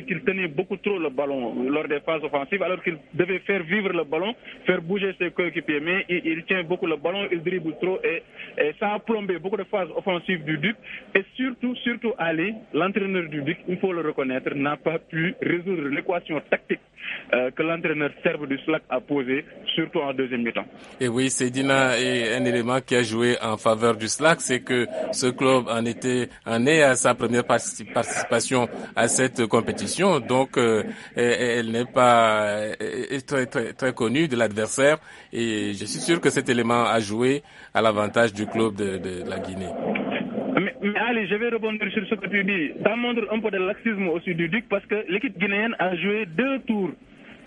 qu'il tenait beaucoup trop le ballon lors des phases offensives, alors qu'il devait faire vivre le ballon, faire bouger ses coéquipiers. Mais il, tient beaucoup le ballon, il dribble trop et, et, ça a plombé beaucoup de phases offensives du Duc. Et surtout, surtout, Ali, l'entraîneur du Duc, il faut le reconnaître, n'a pas pu résoudre l'équation tactique euh, que l'entraîneur serbe du SLAC a posé, surtout en deuxième mi-temps. Et oui, d'ina est un élément qui a joué en faveur du Slack, c'est que ce club en était en est à sa première participation à cette compétition, donc euh, elle n'est pas euh, très, très, très connue de l'adversaire et je suis sûr que cet élément a joué à l'avantage du club de la Guinée. Mais allez, je vais rebondir sur ce que tu dis. Ça montre un peu de laxisme sud du DUC parce que l'équipe guinéenne a joué deux tours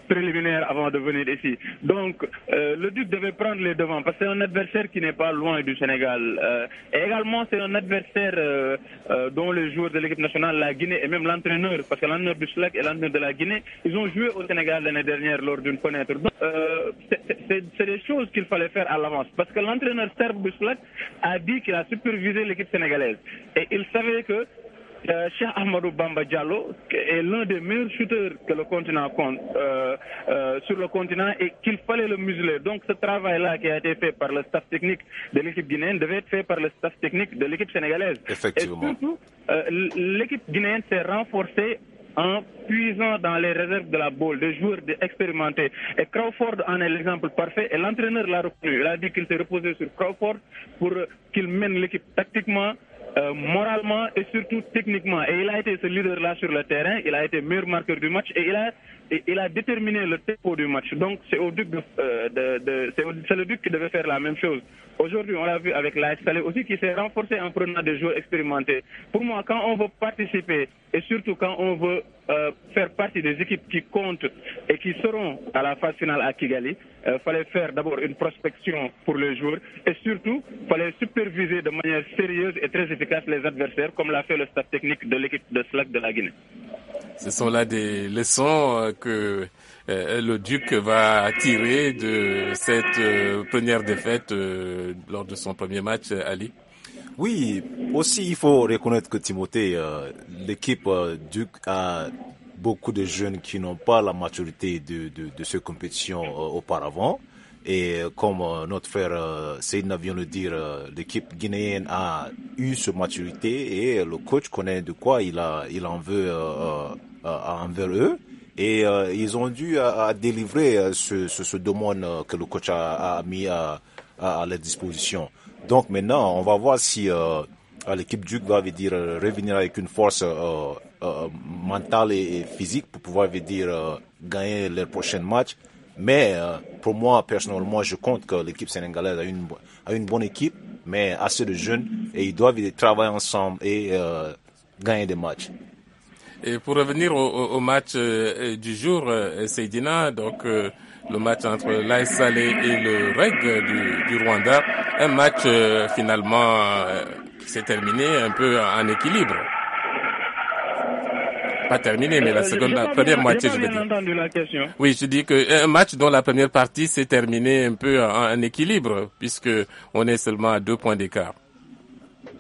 préliminaire avant de venir ici. Donc, euh, le Duc devait prendre les devants parce que c'est un adversaire qui n'est pas loin du Sénégal. Euh, et également, c'est un adversaire euh, dont les joueurs de l'équipe nationale, la Guinée et même l'entraîneur, parce que l'entraîneur du et l'entraîneur de la Guinée, ils ont joué au Sénégal l'année dernière lors d'une fenêtre. Donc, c'est des choses qu'il fallait faire à l'avance parce que l'entraîneur serbe du a dit qu'il a supervisé l'équipe sénégalaise et il savait que euh, Cheikh Bamba Diallo est l'un des meilleurs shooters que le continent compte euh, euh, sur le continent et qu'il fallait le museler. Donc ce travail-là qui a été fait par le staff technique de l'équipe guinéenne devait être fait par le staff technique de l'équipe sénégalaise. Effectivement. Et surtout, euh, l'équipe guinéenne s'est renforcée en puisant dans les réserves de la boule des joueurs expérimentés. Et Crawford en est l'exemple parfait. Et l'entraîneur l'a reconnu. Il a dit qu'il s'est reposé sur Crawford pour qu'il mène l'équipe tactiquement, euh, moralement et surtout techniquement. Et il a été ce leader-là sur le terrain, il a été meilleur marqueur du match et il a il a déterminé le tempo du match. Donc c'est au duc de, euh, le duc qui devait faire la même chose. Aujourd'hui, on l'a vu avec la Salé aussi qui s'est renforcé en prenant des joueurs expérimentés. Pour moi, quand on veut participer et surtout quand on veut euh, faire partie des équipes qui comptent et qui seront à la phase finale à Kigali, il euh, fallait faire d'abord une prospection pour le jour et surtout fallait superviser de manière sérieuse et très efficace les adversaires comme l'a fait le staff technique de l'équipe de Slack de la Guinée. Ce sont là des leçons que euh, le duc va tirer de cette euh, première défaite euh, lors de son premier match, Ali Oui, aussi il faut reconnaître que Timothée, l'équipe duc a beaucoup de jeunes qui n'ont pas la maturité de, de, ces compétitions auparavant. Et comme notre frère Seydna vient de dire, l'équipe guinéenne a eu cette maturité et le coach connaît de quoi il, a, il en veut envers eux. Et euh, ils ont dû euh, à, délivrer euh, ce, domaine que le coach a, mis à, leur disposition. Donc maintenant, on va voir si l'équipe Duke va dire, revenir avec une force mentale et, physique pour pouvoir gagner les prochain match. Mais pour moi, personnellement, je compte que l'équipe sénégalaise a une, a une bonne équipe, mais assez de jeunes, et ils doivent travailler ensemble et gagner des matchs. Et pour revenir au, match euh, du jour, euh, Seydina, donc euh, le match entre l'AS et le REG du, Rwanda, un match finalement qui s'est terminé un peu en, équilibre. Pas terminé, mais la seconde, première moitié, je veux dire. Oui, je dis que un match dont la première partie s'est terminée un peu en équilibre, puisque on est seulement à deux points d'écart.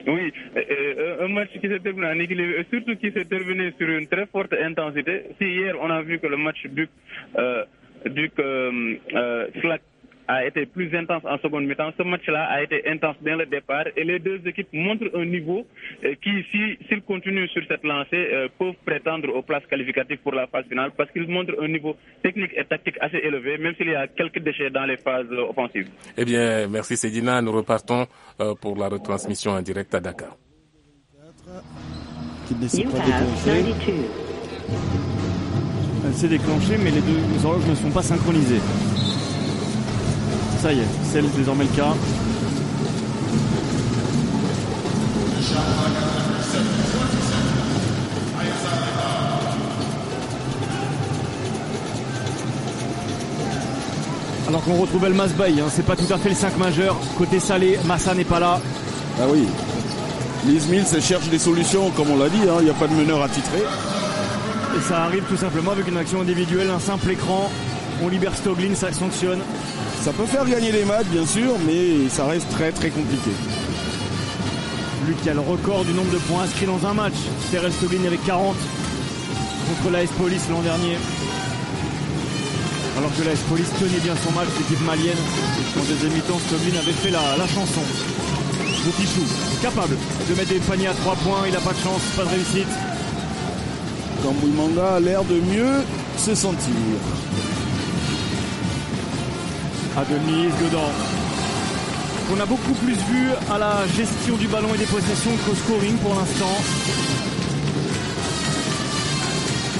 Oui, euh, euh, un match qui s'est terminé en équilibre, surtout qui s'est terminé sur une très forte intensité. Si hier on a vu que le match Duc, euh, Duc euh, euh, a été plus intense en seconde mi-temps. Ce match-là a été intense dès le départ et les deux équipes montrent un niveau euh, qui, s'ils continuent sur cette lancée, euh, peuvent prétendre aux places qualificatives pour la phase finale parce qu'ils montrent un niveau technique et tactique assez élevé, même s'il y a quelques déchets dans les phases euh, offensives. Eh bien, merci Sédina. Nous repartons pour la retransmission en direct à Dakar. Qui Elle s'est déclenchée, mais les deux horloges ne sont pas synchronisés. Ça y est, c'est désormais le cas. Alors qu'on retrouve le Mass Bay hein, c'est pas tout à fait le 5 majeur. Côté salé, Massa n'est pas là. Ah oui. Liz se cherche des solutions, comme on l'a dit, hein. il n'y a pas de meneur à titrer. Et ça arrive tout simplement avec une action individuelle, un simple écran. On libère Stoglin, ça sanctionne. Ça peut faire gagner les matchs, bien sûr, mais ça reste très très compliqué. Lui a le record du nombre de points inscrits dans un match. Terrell Stoglin avec 40 contre s Police l'an dernier. Alors que s Police tenait bien son match, l'équipe malienne. En deuxième mi-temps, Stoglin avait fait la, la chanson. Boutichou, capable de mettre des paniers à 3 points, il n'a pas de chance, pas de réussite. Kambouimanga a l'air de mieux se sentir à Denise dedans. On a beaucoup plus vu à la gestion du ballon et des possessions qu'au scoring pour l'instant.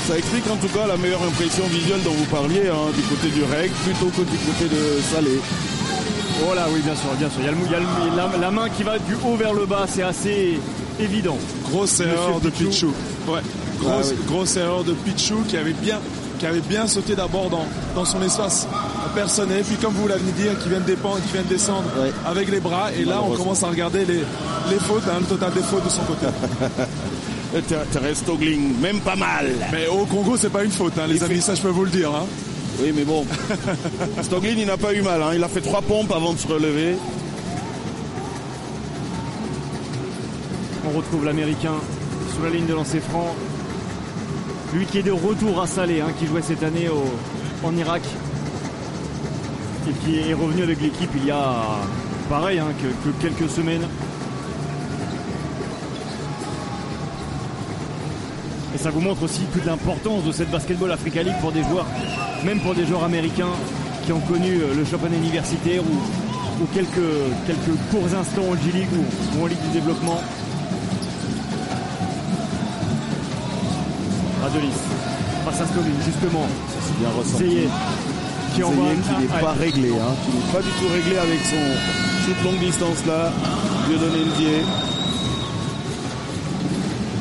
Ça explique en tout cas la meilleure impression visuelle dont vous parliez hein, du côté du REC plutôt que du côté de Salé. Oh oui bien sûr, bien sûr. Il y la, main qui va du haut vers le bas, c'est assez évident. Grosse erreur de Pichou. Ouais. Grosse, ah grosse erreur de Pichou qui avait bien qui avait bien sauté d'abord dans, dans son espace personnel, puis comme vous l'avez dit, hein, qui viennent, dépendre, qui viennent descendre avec les bras. Et là, on commence à regarder les, fautes, hein, le total des fautes de son côté. Thérèse Togling, même pas mal. Mais au Congo, c'est pas une faute, hein, les amis, ça je peux vous le dire. Hein. Oui, mais bon, Stoglin, il n'a pas eu mal. Il a fait trois pompes avant de se relever. On retrouve l'Américain sous la ligne de lancer franc. Lui qui est de retour à Salé, qui jouait cette année au... en Irak qui est revenu avec l'équipe il y a, pareil, hein, que, quelques semaines. Et ça vous montre aussi toute l'importance de cette Basketball Africa League pour des joueurs, même pour des joueurs américains qui ont connu euh, le championnat universitaire ou, ou quelques, quelques courts instants en G-League ou, en Ligue du développement. Adelis face à Scobie justement. s'est bien ressenti qui n'est pas réglé, hein, qui n'est pas du tout réglé avec son shoot longue distance là. le pied,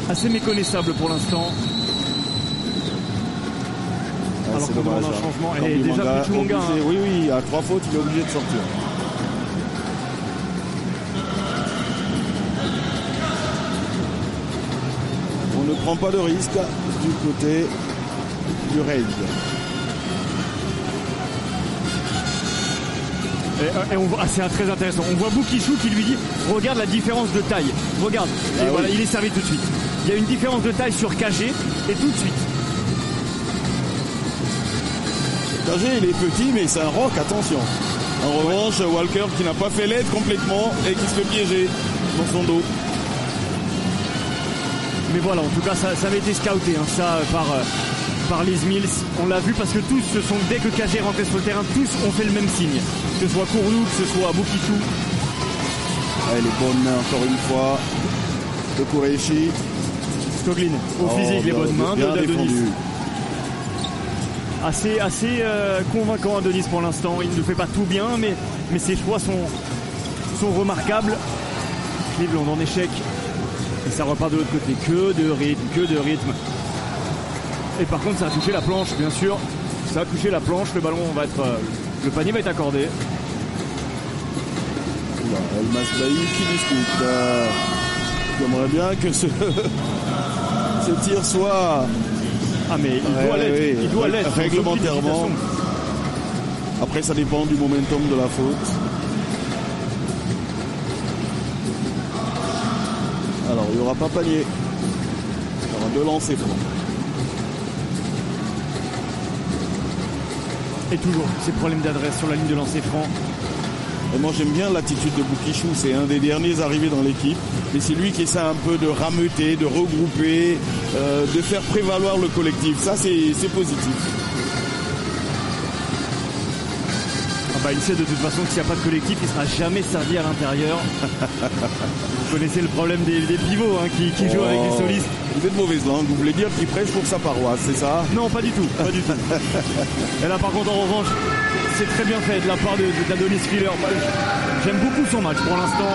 Assez méconnaissable pour l'instant. Ah, Alors qu'on demande un hein. changement. Et déjà plus tout obligé, Oui, oui, à trois fautes, il est obligé de sortir. On ne prend pas de risque du côté du raid. Et, euh, ah, c'est très intéressant. On voit Boukichou qui lui dit Regarde la différence de taille. Regarde. Et ah voilà, il est servi tout de suite. Il y a une différence de taille sur KG et tout de suite. KG, il est petit, mais c'est un rock, attention. En revanche, Walker qui n'a pas fait l'aide complètement et qui se fait piéger dans son dos. Mais voilà, en tout cas, ça, ça avait été scouté, hein, ça, par. Euh, par Liz Mills. On l'a vu parce que tous, ce sont dès que KG rentrait sur le terrain, tous ont fait le même signe. Que ce soit Kourou, que ce soit Boukissou Elle les bonnes mains encore une fois. De Kureishi. Stoglin, au oh, physique, les bonnes mains de Denis. Assez, assez euh, convaincant à Denis pour l'instant. Il ne fait pas tout bien, mais, mais ses choix sont, sont remarquables. on en échec. Et ça repart de l'autre côté. Que de rythme, que de rythme. Et par contre, ça a touché la planche, bien sûr. Ça a touché la planche. Le ballon va être. Euh, le panier va être accordé. qui discute. Euh, j'aimerais bien que ce, tir soit. Ah, mais il doit l'être. Réglementairement. Après, ça dépend du momentum de la faute. Alors, il n'y aura pas panier. Il y aura deux lancers. Et toujours ces problèmes d'adresse sur la ligne de lancer franc. Et moi j'aime bien l'attitude de Boukichou, c'est un des derniers arrivés dans l'équipe. Mais c'est lui qui essaie un peu de rameuter, de regrouper, euh, de faire prévaloir le collectif. Ça c'est positif. Bah, il sait de toute façon que s'il n'y a pas de collectif, il ne sera jamais servi à l'intérieur. Vous connaissez le problème des, pivots hein, qui, jouent avec les oh. solistes. Vous êtes de mauvaise langue, vous voulez dire qu'il prêche pour sa paroisse, c'est ça Non, pas du tout, pas du tout. Et là par contre en revanche, c'est très bien fait de la part de, de, killer bah, J'aime beaucoup son match pour l'instant.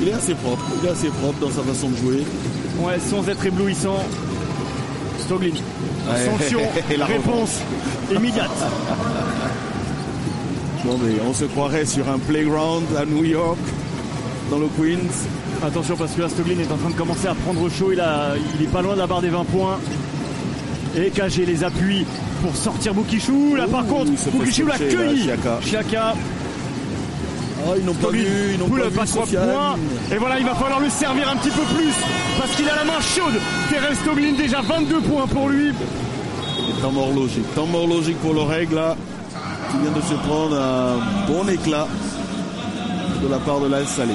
Il est assez propre, il est assez propre dans sa façon de jouer. Ouais, sans être éblouissant, Stoglin. Sanction, réponse immédiate. on se croirait sur un playground à New York, dans le Queens. Attention parce que là Stoglin est en train de commencer à prendre chaud, il, a, il est pas loin de la barre des 20 points. Et KG les appuis pour sortir Boukichou. Là par contre, Boukichou l'a cueilli. Chiaka ah, ils n'ont pas vu, ils n'ont pas, points. Et voilà, il va falloir le servir un petit peu plus parce qu'il a la main chaude. Terence Stoglin déjà 22 points pour lui. Temps mort logique, temps mort logique pour le règle là, qui vient de se prendre un bon éclat de la part de la Salé.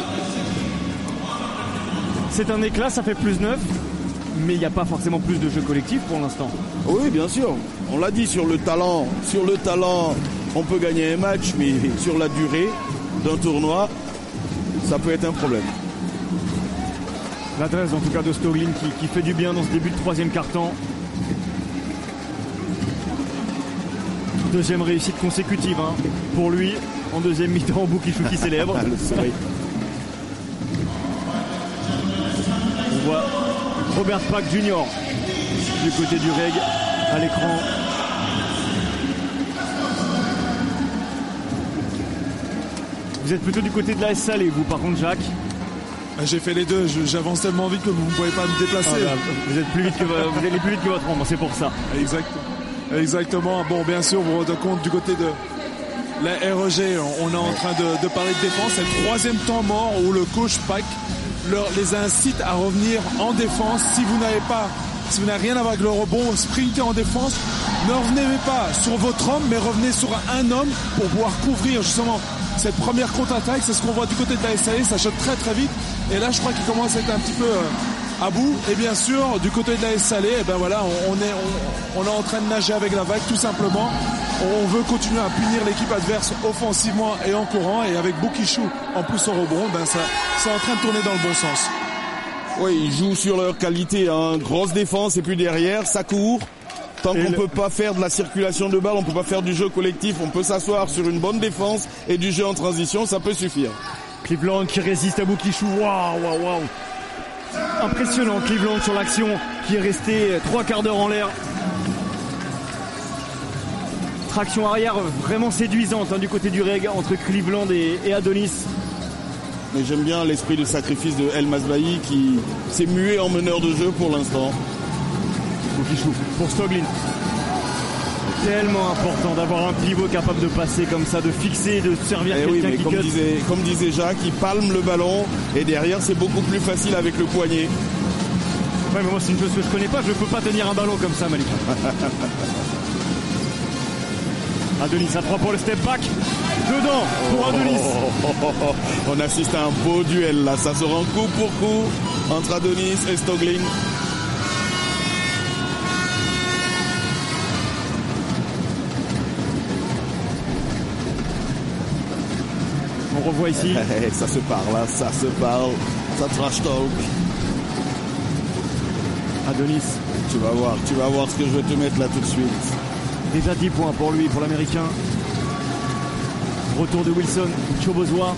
C'est un éclat, ça fait plus 9 mais il n'y a pas forcément plus de jeux collectifs pour l'instant. Oui, bien sûr. On l'a dit sur le talent, sur le talent, on peut gagner un match, mais sur la durée, d'un tournoi, ça peut être un problème. L'adresse en tout cas de Stoglin qui, fait du bien dans ce début de troisième carton. Deuxième réussite consécutive hein, pour lui. En deuxième mi-temps, bout qui célèbre. On voit Robert Pack Junior du côté du Reg à l'écran Vous êtes plutôt du côté de la salle et vous par contre Jacques ah, j'ai fait les deux, j'avance tellement vite que vous ne pouvez pas me déplacer. Ah, bah, vous, êtes plus vite que, euh, vous allez plus vite que votre homme. c'est pour ça. exactement. Bon, bien sûr, vous vous rendez compte du côté de, la REG, on est en train de, parler de défense. C'est le troisième temps mort où le coach Pack les incite à revenir en défense. Si vous n'avez pas, si vous n'avez rien à voir avec le rebond, sprintez en défense. Ne revenez pas sur votre homme, mais revenez sur un homme pour pouvoir couvrir justement cette première contre-attaque. C'est ce qu'on voit du côté de la SAE, ça chute très très vite. Et là, je crois qu'il commence à être un petit peu euh, à bout. Et bien sûr, du côté de la Salé, e, eh ben voilà, on, est, on, est en train de nager avec la vague, tout simplement. On veut continuer à punir l'équipe adverse offensivement et en courant. Et avec Boukichou en plus au rebond, ben ça, c'est en train de tourner dans le bon sens. Oui, ils jouent sur leur qualité, hein. grosse défense et puis derrière, ça court. Tant qu'on ne peut pas faire de la circulation de balles, on ne peut pas faire du jeu collectif, on peut s'asseoir sur une bonne défense et du jeu en transition, ça peut suffire. Cleveland qui résiste à Boukichou, waouh, waouh, waouh. Impressionnant Cleveland sur l'action qui est resté trois quarts d'heure en l'air. Traction arrière vraiment séduisante hein, du côté du Reg entre Cleveland et, Adonis. Mais j'aime bien l'esprit de sacrifice de El Masbahi qui s'est mué en meneur de jeu pour l'instant pour Stoglin. Tellement important d'avoir un pivot capable de passer comme ça, de fixer, de servir eh quelqu'un qui comme cut. disait, comme disait Jacques, il palme le ballon et derrière c'est beaucoup plus facile avec le poignet. mais moi c'est une chose que je connais pas, je peux pas tenir un ballon comme ça, Malik. Adonis à 3 pour le step back. Dedans pour oh. Adonis. On assiste à un beau duel là. Ça se rend coup pour coup entre Adonis et Stoglin. voit ici. ça se parle, là hein, ça se parle, ça trash talk. Adonis. Tu vas voir, tu vas voir ce que je vais te mettre là tout de suite. Déjà 10 points pour lui, pour l'américain. Retour de Wilson, Chobozois.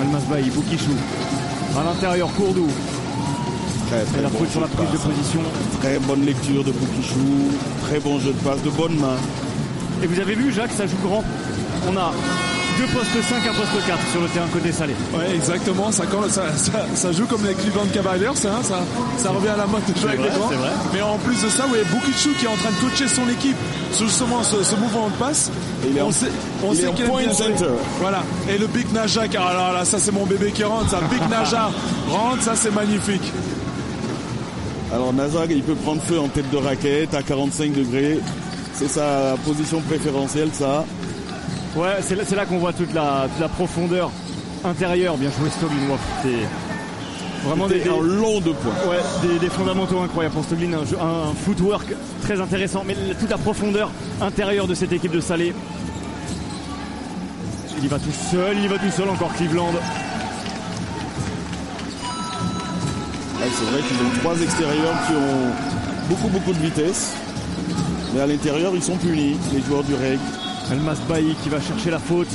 Almas Bay Boukichou. À l'intérieur, Courdou très, très bon sur la de position. Très bonne lecture de Boukichou très bon jeu de passe, de bonnes mains. Et vous avez vu, Jacques, ça joue grand. On a deux postes 5, un poste 4 sur le terrain côté salé. Ouais, exactement. Ça, joue comme les Cleveland Cavaliers. Hein. ça, revient à la mode de avec Mais en plus de ça, vous voyez Bukichu qui est en train de coacher son équipe sur justement ce, mouvement de passe. Il est on sait, on est point center. Voilà. Et le Big Naja, ah ça c'est mon bébé qui rentre. Ça. Big Naja rentre, ça c'est magnifique. Alors Nazag, il peut prendre feu en tête de raquette à 45 degrés. C'est sa position préférentielle, ça. Ouais, c'est là, là qu'on voit toute la, profondeur intérieure. Bien joué, Stoglin. C'est vraiment des, long de points. Ouais, des, fondamentaux incroyables pour Stoglin. Un, un, footwork très intéressant, mais toute la profondeur intérieure de cette équipe de Salé. Il y va tout seul, il y va tout seul encore Cleveland. Ah, c'est vrai qu'ils ont trois extérieurs qui ont beaucoup, beaucoup de vitesse. Mais à l'intérieur, ils sont punis, les joueurs du REG. Elmas Bailly qui va chercher la faute.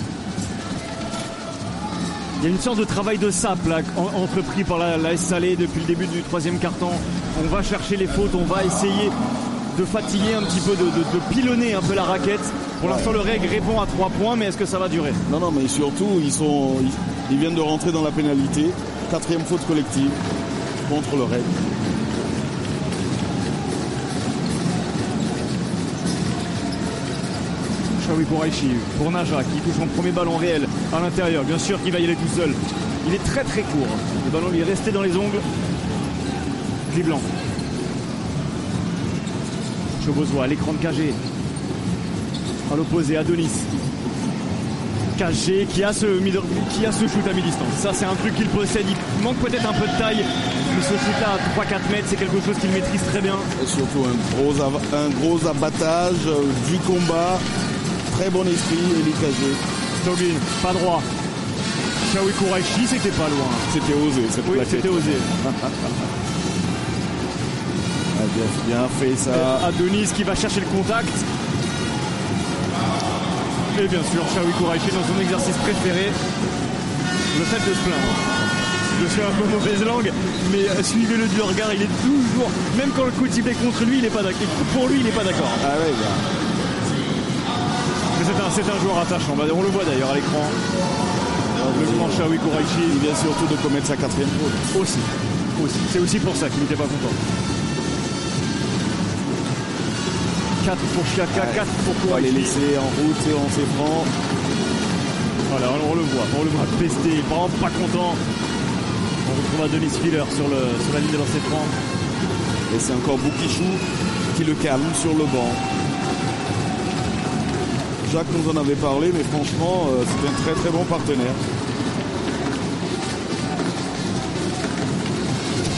Il y a une sorte de travail de sape entrepris par la, Salé depuis le début du troisième carton. On va chercher les fautes, on va essayer de fatiguer un petit peu, de, pilonner un peu la raquette. Pour l'instant, le REG répond à trois points, mais est-ce que ça va durer Non, non, mais surtout, ils, sont, ils viennent de rentrer dans la pénalité. Quatrième faute collective contre le reste. pour Aichi pour Naja qui touche son premier ballon réel à l'intérieur. Bien sûr qu'il va y aller tout seul. Il est très très court. Le ballon lui est resté dans les ongles. Blanc. à l'écran de KG. À l'opposé, Adonis. KG qui a ce, qui a ce shoot à mi-distance. Ça, c'est un truc qu'il possède. Il manque peut-être un peu de taille, ce shoot-là à 3-4 mètres, c'est quelque chose qu'il maîtrise très bien. surtout un gros, un gros abattage euh, du combat. Très bon esprit, et l'étagé Togin, pas droit. Shaoui Kouraishi c'était pas loin. C'était osé, Oui, c'était osé. Ah, bien, fait ça. Adonis qui va chercher le contact. Et bien sûr, Shaoui Raichi dans son exercice préféré, le fait de se plaindre je suis un peu mauvaise langue, mais euh, suivez-le du regard, il est toujours, même quand le coup de est contre lui, il n'est pas d'accord. Pour lui, il n'est pas d'accord. Ah ouais, bah. mais C'est un, joueur attachant, bah, on le voit d'ailleurs à l'écran. Ah, le grand sûr Il vient surtout de commettre sa quatrième faute. Aussi. C'est aussi pour ça qu'il n'était pas content. 4 pour Chiaka, 4 pour Kouraichi. On va les laisser en route on on s'effrant. Voilà, on le voit, on le voit ah, pester, pas content. On retrouve Adonis Filler sur, sur la ligne de lancer franc. Et c'est encore Boukichou qui le calme sur le banc. Jacques nous en avait parlé, mais franchement, euh, c'est un très très bon partenaire.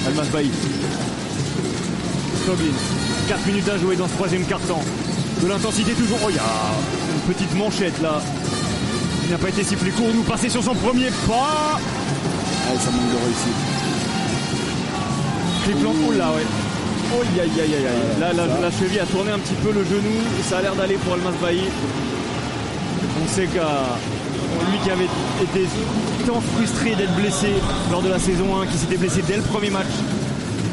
Almas Bailly. Sobin. 4 minutes à jouer dans ce troisième quart-temps. De l'intensité toujours. Oh, une petite manchette là. Il n'a pas été si plus court. Nous passer sur son premier pas. Ah, ça manque de réussite. là, ouais. Oh, aïe, aïe, aïe, Là, la, cheville a tourné un petit peu le genou. Ça a l'air d'aller pour Almas Bailly. On sait qu'à lui qui avait été tant frustré d'être blessé lors de la saison 1, qui s'était blessé dès le premier match.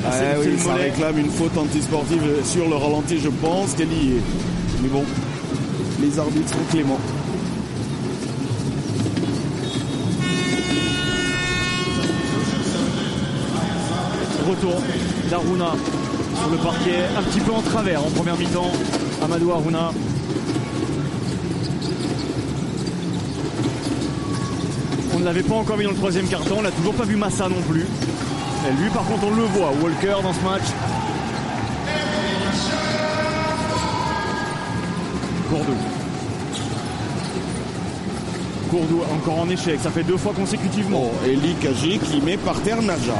Ah, ça réclame une faute antisportive sur le ralenti, je pense, Kelly Mais bon, les arbitres sont cléments. Retour d'Aruna sur le parquet, un petit peu en travers en première mi-temps. Amadou Aruna. On ne l'avait pas encore mis dans le troisième carton, on n'a toujours pas vu Massa non plus. Et lui par contre on le voit, Walker dans ce match. Gourdou. Gourdou encore en échec, ça fait deux fois consécutivement. Oh, Eli et qui met par terre Naja.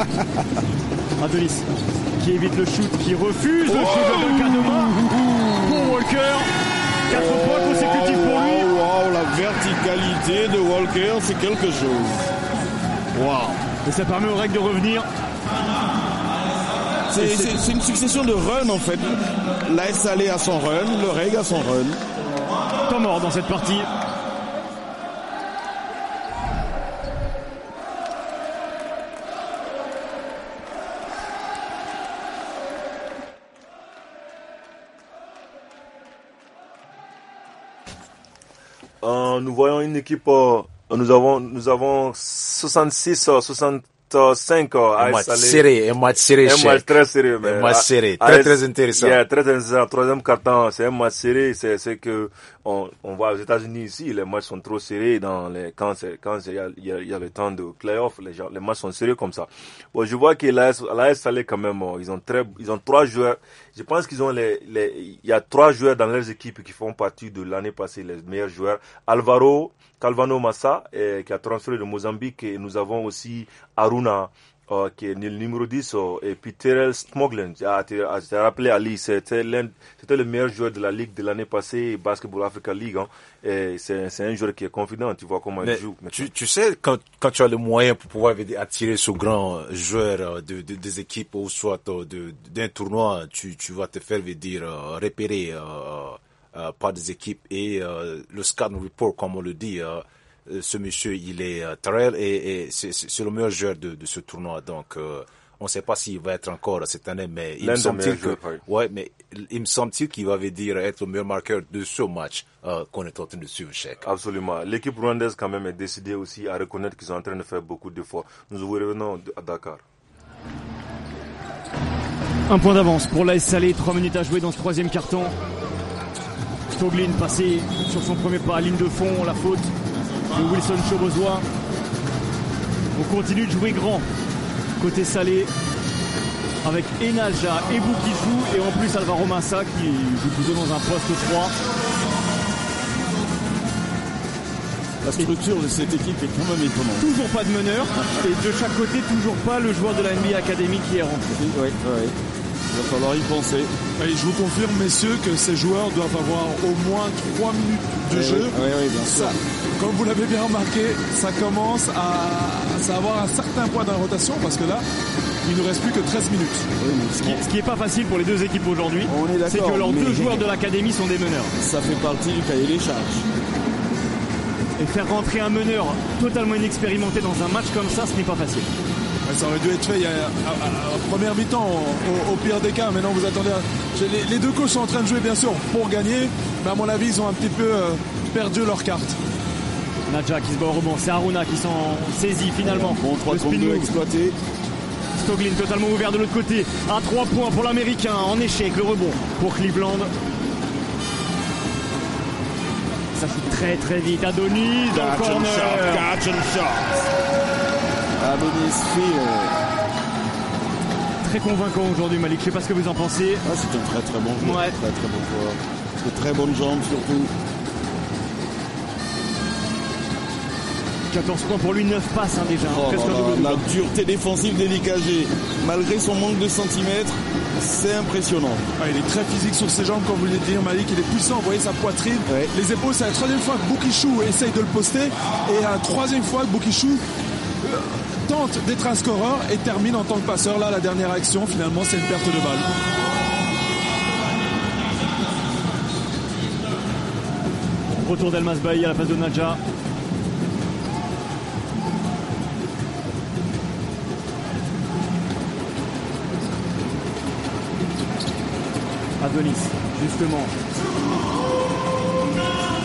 Adonis qui évite le shoot, qui refuse le shoot de Canova pour Walker. 4 points consécutifs pour lui. Waouh, la verticalité de Walker, c'est quelque chose. Et ça permet au Reg de revenir. C'est une succession de runs en fait. La SALE a son run, le Reg a son run. Temps mort dans cette partie. nous voyons une équipe, euh, nous avons, nous avons 66, 60, euh, 5 un match serré un match très serré un ah, ah, très intéressant très intéressant troisième carton c'est un match serré c'est c'est que on, on voit aux États-Unis ici les matchs sont trop serrés dans les quand c'est quand il y a, y a le temps de playoff les gens les matchs sont serrés comme ça bon je vois que la l'AS est quand même oh, ils ont très ils ont trois joueurs je pense qu'ils ont les les il y a trois joueurs dans leurs équipes qui font partie de l'année passée les meilleurs joueurs Alvaro Calvano Massa, eh, qui a transféré de Mozambique, et nous avons aussi Aruna, euh, qui est le numéro 10, euh, et puis Terrell ah, tu ah, je rappelé Ali, c'était le meilleur joueur de la Ligue de l'année passée, Basketball Africa League, hein. c'est un joueur qui est confident, tu vois comment il joue. Tu, sais, quand, tu as le moyen pour pouvoir attirer ce grand euh, joueur de, des équipes ou soit d'un tournoi, tu, vas te faire, dire, repérer... Euh, par des équipes et euh, le scan report, comme on le dit, euh, ce monsieur, il est très et, c'est le meilleur joueur de, ce tournoi. Donc, on ne sait pas s'il va être encore cette année, mais il me semble-t-il que, ouais, mais il me semble qu'il va venir être le meilleur marqueur de ce match qu'on est en train de suivre, Absolument. L'équipe rwandaise quand même est décidée aussi à reconnaître qu'ils sont en train de faire beaucoup d'efforts. Nous vous revenons à Dakar. Un point d'avance pour l'AS Salé, 3 minutes à jouer dans ce troisième carton. Coglin passé sur son premier pas, à ligne de fond, la faute de Wilson Chobozois. On continue de jouer grand côté salé avec Enalja et qui joue et en plus Alvaro Massa qui joue toujours dans un poste 3. La structure de cette équipe est quand même étonnante. Toujours pas de meneur et de chaque côté toujours pas le joueur de la NBA Academy qui est rentré va falloir y penser. je vous confirme, messieurs, que ces joueurs doivent avoir au moins 3 minutes de eh jeu. Ah comme vous l'avez bien remarqué, ça commence à, avoir un certain poids dans la rotation parce que là, il ne nous reste plus que 13 minutes. ce qui n'est pas facile pour les deux équipes aujourd'hui, c'est que leurs deux joueurs de l'académie sont des meneurs. Ça fait partie du cahier des charges. Et faire rentrer un meneur totalement inexpérimenté dans un match comme ça, ce n'est pas facile. Ah, ça aurait dû être fait il y à, première mi-temps, au, pire des cas. Maintenant, vous attendez. Les, deux coachs sont en train de jouer, bien sûr, pour gagner. Mais à mon avis, ils ont un petit peu euh, perdu leur carte. Nadja qui se bat au rebond, c'est Aruna qui s'en saisit finalement. Bon, 3 contre exploité. Stoglin totalement ouvert de l'autre côté. À 3 points pour l'Américain en échec, le rebond pour Cleveland. Ça fait très très vite. Adonis dans corner. Catch and shot très convaincant aujourd'hui Malik, je sais pas ce que vous en pensez. Ah, c'est un très très bon joueur, très très bon joueur. De très bonnes jambes surtout. 14 points pour lui, 9 passes hein, déjà. Oh la dureté défensive délicagée, malgré son manque de centimètres, c'est impressionnant. il est très physique sur ses jambes, comme vous voulez dire, Malik. Il est puissant, vous voyez sa poitrine. Les épaules, c'est la troisième fois que Boukichou essaye de le poster. Et la troisième fois que Boukichou euh, tente d'être un scoreur et termine en tant que passeur. Là, la dernière action, finalement, c'est une perte de balle. Retour d'Elmas Bailly à la place de Nadja. Adonis, justement.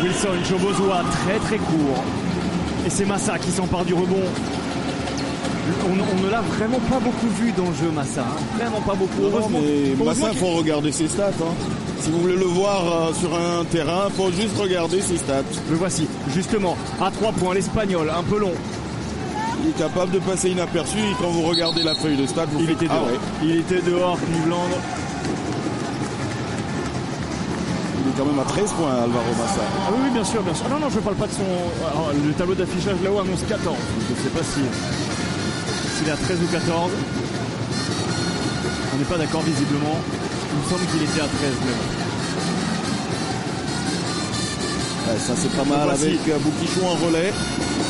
Wilson Chobozoa, très très court. Et c'est Massa qui s'empare du rebond on, ne l'a vraiment pas beaucoup vu dans le jeu, Massa. Hein. Vraiment pas beaucoup. heureusement, Massa, il faut regarder ses stats. Hein. Si vous voulez le voir euh, sur un terrain, faut juste regarder ses stats. Le voici, justement, à 3 points, l'espagnol, un peu long. Il est capable de passer inaperçu et quand vous regardez la feuille de stats, vous il faites... était ah Il était dehors, Cleveland. Il est quand même à 13 points, Alvaro Massa. Ah oui, bien sûr, bien sûr. Non, non, je ne parle pas de son. Euh, le tableau d'affichage là-haut annonce 14. Je ne sais pas si à 13 ou 14. On n'est pas d'accord visiblement. Il me semble qu'il était à 13 même. ça c'est pas mal avec euh, Boukichou en relais.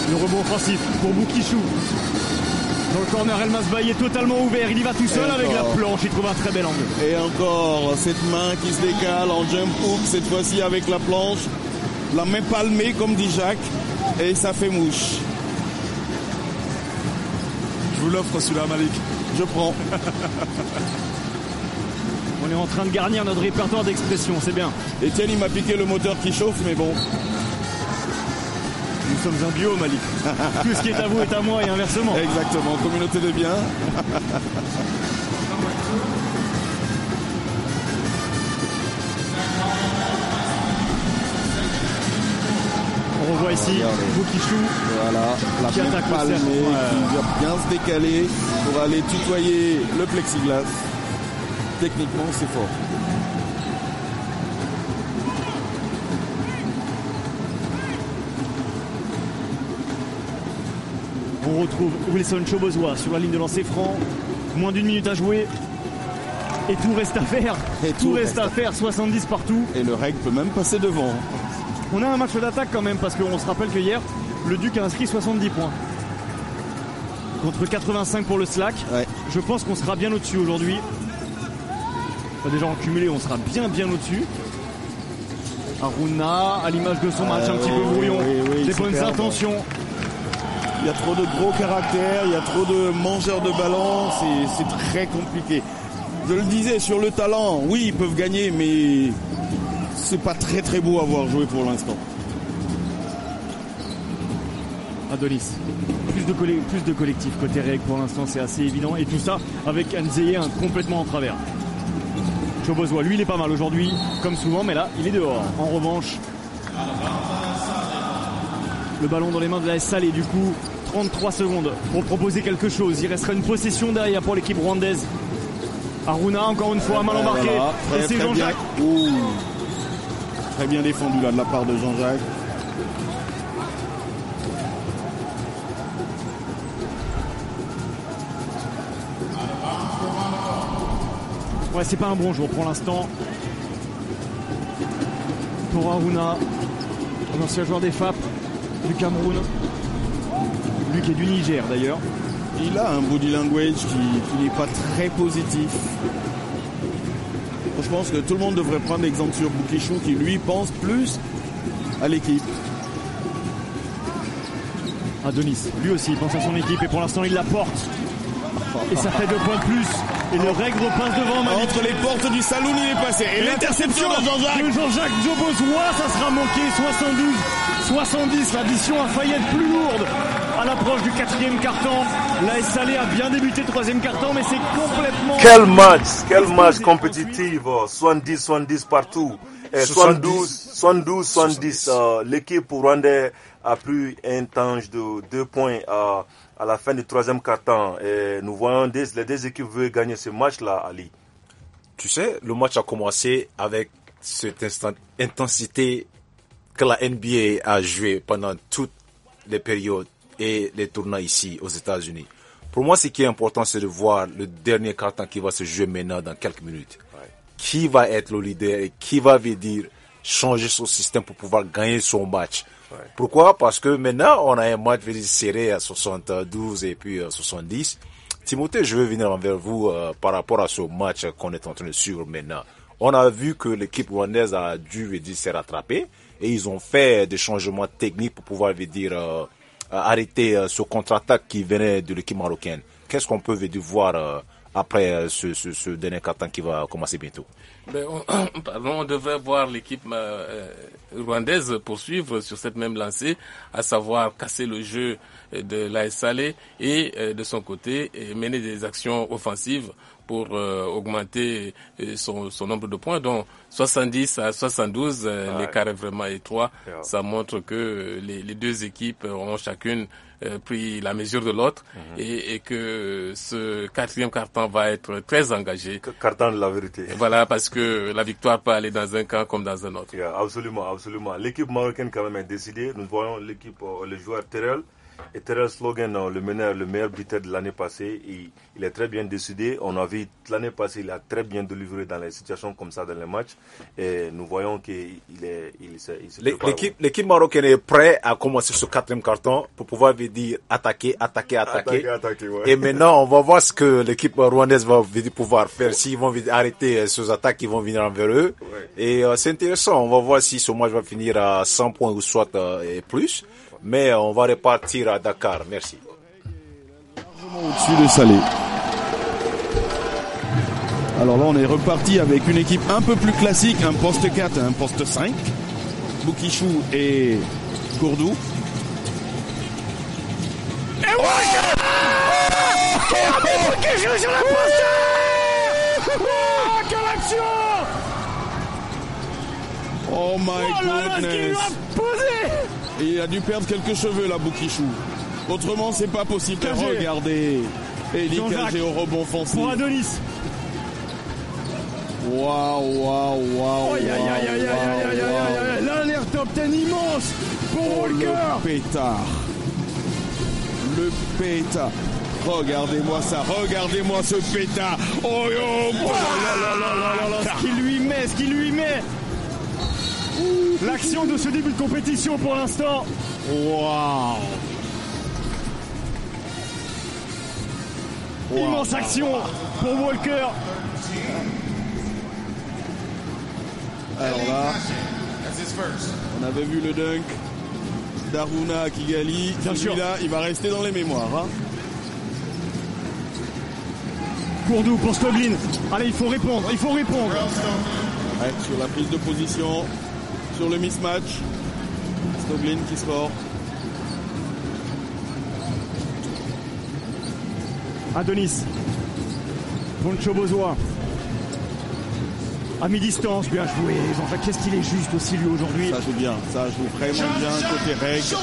Le rebond offensif pour Boukichou. Dans le corner, El est totalement ouvert. Il y va tout seul avec la planche. Il trouve un très bel angle. Et encore cette main qui se décale en jump hook, cette fois-ci avec la planche. La main palmée, comme dit Jacques. Et ça fait mouche vous l'offre celui-là, Malik. Je prends. On est en train de garnir notre répertoire d'expression, c'est bien. Etienne, il m'a piqué le moteur qui chauffe, mais bon. Nous sommes un bio, Malik. Tout ce qui est à vous est à moi et inversement. Exactement, communauté de biens. On voit ici, Boukichou, qui attaque palmée, le cercle. Qui vient se décaler pour aller tutoyer le plexiglas. Techniquement, c'est fort. On retrouve Wilson Chobozois sur la ligne de lancer franc. Moins d'une minute à jouer. Et tout reste à faire. tout, reste, à faire. 70 partout. Et le règle peut même passer devant. On a un match d'attaque quand même, parce qu'on se rappelle que hier, le Duc a inscrit 70 points. Contre 85 pour le Slack. Je pense qu'on sera bien au-dessus aujourd'hui. a déjà en cumulé, on sera bien bien au-dessus. Aruna, à l'image de son match, un euh, petit peu brouillon. des bonnes intentions. Il y a trop de gros caractères, il y a trop de mangeurs de et c'est très compliqué. Je le disais, sur le talent, oui, ils peuvent gagner, mais c'est pas très très beau à voir jouer pour l'instant. Adolis. Plus de, plus collectif côté REC pour l'instant, c'est assez évident. Et tout ça avec Anzeye hein, complètement en travers. Chobozois, lui, il est pas mal aujourd'hui, comme souvent, mais là, il est dehors. En revanche, le ballon dans les mains de la Salle et du coup, 33 secondes pour proposer quelque chose. Il restera une possession derrière pour l'équipe rwandaise. Aruna, encore une fois, mal embarqué. et c'est Jean-Jacques. Très bien défendu là de la part de Jean-Jacques. Ouais, c'est pas un bon jour pour l'instant. Pour Aruna, ancien joueur des FAP du Cameroun. Lui qui est du Niger d'ailleurs. Il a un body language qui n'est pas très positif je pense que tout le monde devrait prendre l'exemple sur Bouquichon qui lui pense plus à l'équipe. À ah, Denis, lui aussi, il pense à son équipe et pour l'instant il la porte. Et ça fait deux points de plus. Et le règle passe devant Entre les portes du salon, il est passé. Et, l'interception de Jean-Jacques. Jean-Jacques ça sera manqué. 72, 70. L'addition a failli être plus lourde à l'approche du quatrième carton. La Salé a bien débuté le troisième carton, mais c'est complètement... Quel match, quel match compétitif, 70-70 partout. 72, 72, 70. L'équipe rwandais a pris un tange de deux points à la fin du troisième quart-temps. Nous voyons les deux équipes veulent gagner ce match-là, Ali. Tu sais, le match a commencé avec cette intensité que la NBA a jouée pendant toutes les périodes et les tournois ici aux États-Unis. Pour moi, ce qui est important, c'est de voir le dernier carton qui va se jouer maintenant dans quelques minutes. Qui va être le leader et qui va venir changer son système pour pouvoir gagner son match. Pourquoi Parce que maintenant, on a un match serré à 72 et puis à euh, 70. Timothée, je veux venir envers vous euh, par rapport à ce match qu'on est en train de suivre maintenant. On a vu que l'équipe rwandaise a dû venir se et ils ont fait des changements techniques pour pouvoir dire, euh, arrêter euh, ce contre-attaque qui venait de l'équipe marocaine. Qu'est-ce qu'on peut voir euh, après euh, ce, ce, ce dernier carton qui va commencer bientôt ben, on, on, devrait voir l'équipe euh, euh, rwandaise poursuivre sur cette même lancée, à savoir casser le jeu de l'AS Salé et de son côté mener des actions offensives pour augmenter son, son, nombre de points. dont 70 à 72, les l'écart est vraiment étroit. Ça montre que les, les, deux équipes ont chacune euh, pris la mesure de l'autre mhm. et, et, que ce quatrième carton va être très engagé. Carton de la vérité. Voilà, parce que la victoire peut aller dans un camp comme dans un autre. absolument, absolument. L'équipe marocaine quand même est décidée. Nous voyons l'équipe, euh, les joueurs terrels et Terrell Slogan, euh, le le meilleur buteur de l'année passée, il, il, est très bien décidé. On a vu l'année passée, il a très bien délivré dans les situations comme ça, dans les matchs. Et nous voyons qu'il est, il se, il L'équipe, l'équipe marocaine est prête à commencer ce quatrième carton pour pouvoir venir dire attaquer, attaquer, attaquer. Et maintenant, on va voir ce que l'équipe rwandaise va pouvoir faire. S'ils vont arrêter euh, ces attaques qui vont venir envers eux. Et euh, c'est intéressant. On va voir si ce match va finir à 100 points ou soit et plus mais on va repartir à Dakar. Merci. Alors là, on est reparti avec une équipe un peu plus classique, un poste 4, un poste 5. Boukichou et Gourdou. Et oh oh sur la poste oh, Quelle action Oh my oh goodness il a dû perdre quelques cheveux là, Boukichou. Autrement, c'est pas possible. regardez, Eli au rebond foncé. Pour Adonis. Waouh, waouh, waouh. L'alerte top immense pour oh, Walker. le pétard. Le pétard. Regardez-moi ça, regardez-moi ce pétard. Oh, oh, oh. ce qu'il lui met, ce qu'il lui met. L'action de ce début de compétition pour l'instant. Waouh wow. Immense action pour Walker. Alors là, on avait vu le dunk d'Aruna Kigali. là, il va rester dans les mémoires. Hein. pour' nous, pour Stoblin. Allez, il faut répondre, il faut répondre. sur la prise de position, sur le mismatch. Stoglin qui sort. Adonis. Poncho Bozois. À mi-distance, bien joué. Jean-Jacques, qu'est-ce qu'il est juste aussi lui aujourd'hui. Ça joue bien, ça joue vraiment bien côté règle.